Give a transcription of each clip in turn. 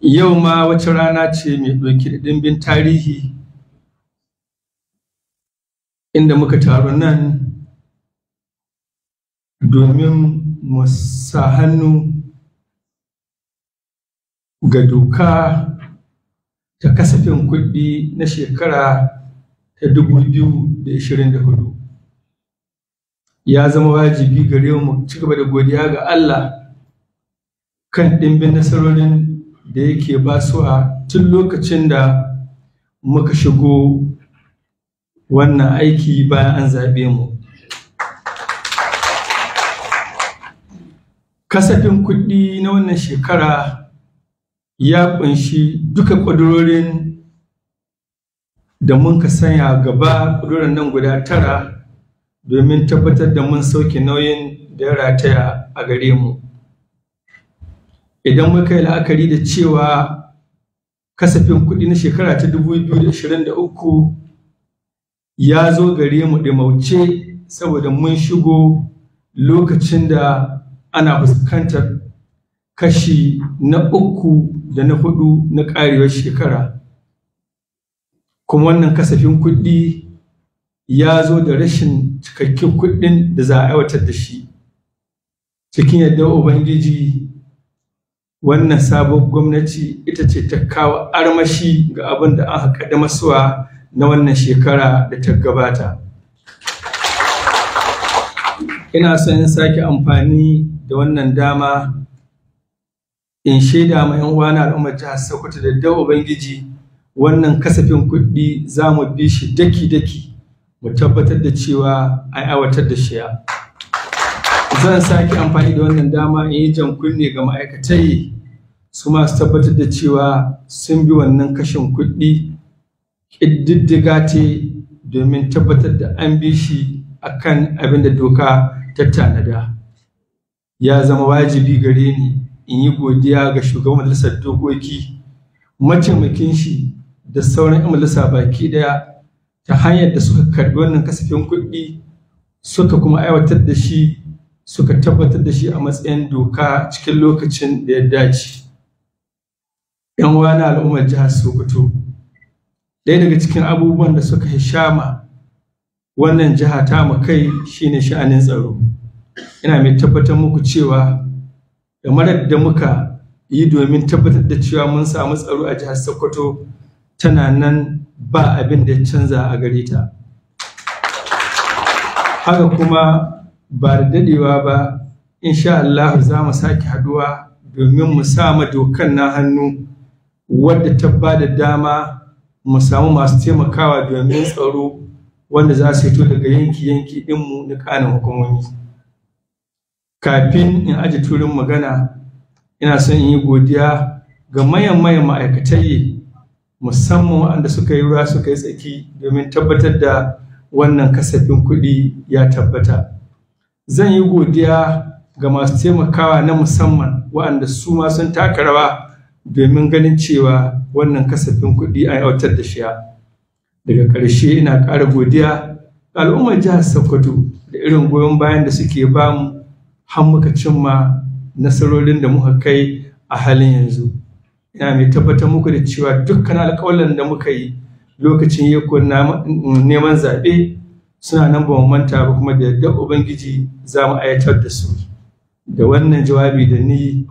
yau ma wata rana ce mai ɗauki da ɗimbin tarihi inda muka taru nan domin mu sa hannu ga doka ta kasafin kuɗi na shekara ta 2024 ya zama wajibi gare mu ci gaba da godiya ga Allah kan ɗimbin nasarorin da yake a tun lokacin da muka shigo wannan aiki bayan an zaɓe mu. Kasafin kuɗi na wannan shekara ya ƙunshi duka ƙudurorin da mun ka sanya gaba ƙudurorin nan guda tara domin tabbatar da mun sauke nauyin da ya rataya a gare mu. idan muka yi la'akari da cewa kasafin kuɗi na shekara ta 2023 ya zo gare mu ɗimauce saboda mun shigo lokacin da ana fuskantar kashi na uku da na hudu na ƙarewar shekara kuma wannan kasafin kuɗi ya zo da rashin cikakken kuɗin da za a aiwatar da shi cikin yadda ubangiji wannan sabon gwamnati ita ce ta kawo armashi ga abin da aka masuwa na wannan shekara da ta gabata ina son in sake amfani da wannan dama in shaida ma yan uwana al'ummar jihar Sokoto da dawo ubangiji wannan kasafin kuɗi za mu bi shi daki-daki mu tabbatar da cewa an aiwatar da shiya. zan sake amfani da wannan dama in yi jan kunne ga ma'aikatai su masu tabbatar da cewa sun bi wannan kashin kuɗi ƙididdiga ce domin tabbatar da an bi shi kan abin da doka ta tanada ya zama wajibi gare ni in yi godiya ga shugaban majalisar dokoki mataimakin shi da sauran 'yan majalisa baki ɗaya, ta hanyar da suka karɓi wannan kasafin kuɗi suka kuma aiwatar da shi suka tabbatar da shi a matsayin doka cikin lokacin da ya dace. ‘Yan na al'ummar jihar Sokoto, ɗaya daga cikin abubuwan da suka shama wannan jiha ta mu kai shine sha'anin tsaro. Ina mai tabbatar muku cewa da marar da muka yi domin tabbatar da cewa mun samu tsaro a jihar Sokoto tana nan ba abin da canza a gare ta. Haka kuma ba da dadewa ba insha Allah za mu sake haduwa domin mu ma dokan na hannu wadda ta ba da dama mu samu masu taimakawa domin tsaro wanda za su fito daga yanki-yanki ɗinmu na kanin hukumomi kafin in aji turin magana ina son in yi godiya ga mayan-mayan ma'aikatai musamman waɗanda suka yi ruwa suka yi tsaki domin tabbatar da wannan kasafin kuɗi ya tabbata. zan yi godiya ga masu taimakawa na musamman waɗanda su ma sun taka rawa domin ganin cewa wannan kasafin kuɗi an yautar da shiya daga ƙarshe ina ƙara godiya ga al'ummar jihar sokoto da irin goyon bayan da suke bamu har muka cimma nasarorin da muka kai a halin yanzu ina mai tabbatar muku da cewa dukkan alƙawalan da muka yi lokacin yakon neman zaɓe suna nan ba mu manta ba kuma da yadda ubangiji za mu ayyatar da su da wannan jawabi da ni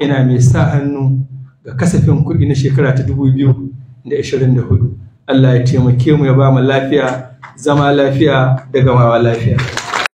ina mai sa hannu ga kasafin kuɗi na shekara ta 2024 Allah ya taimake mu ya ba mu lafiya zama lafiya da gamawa lafiya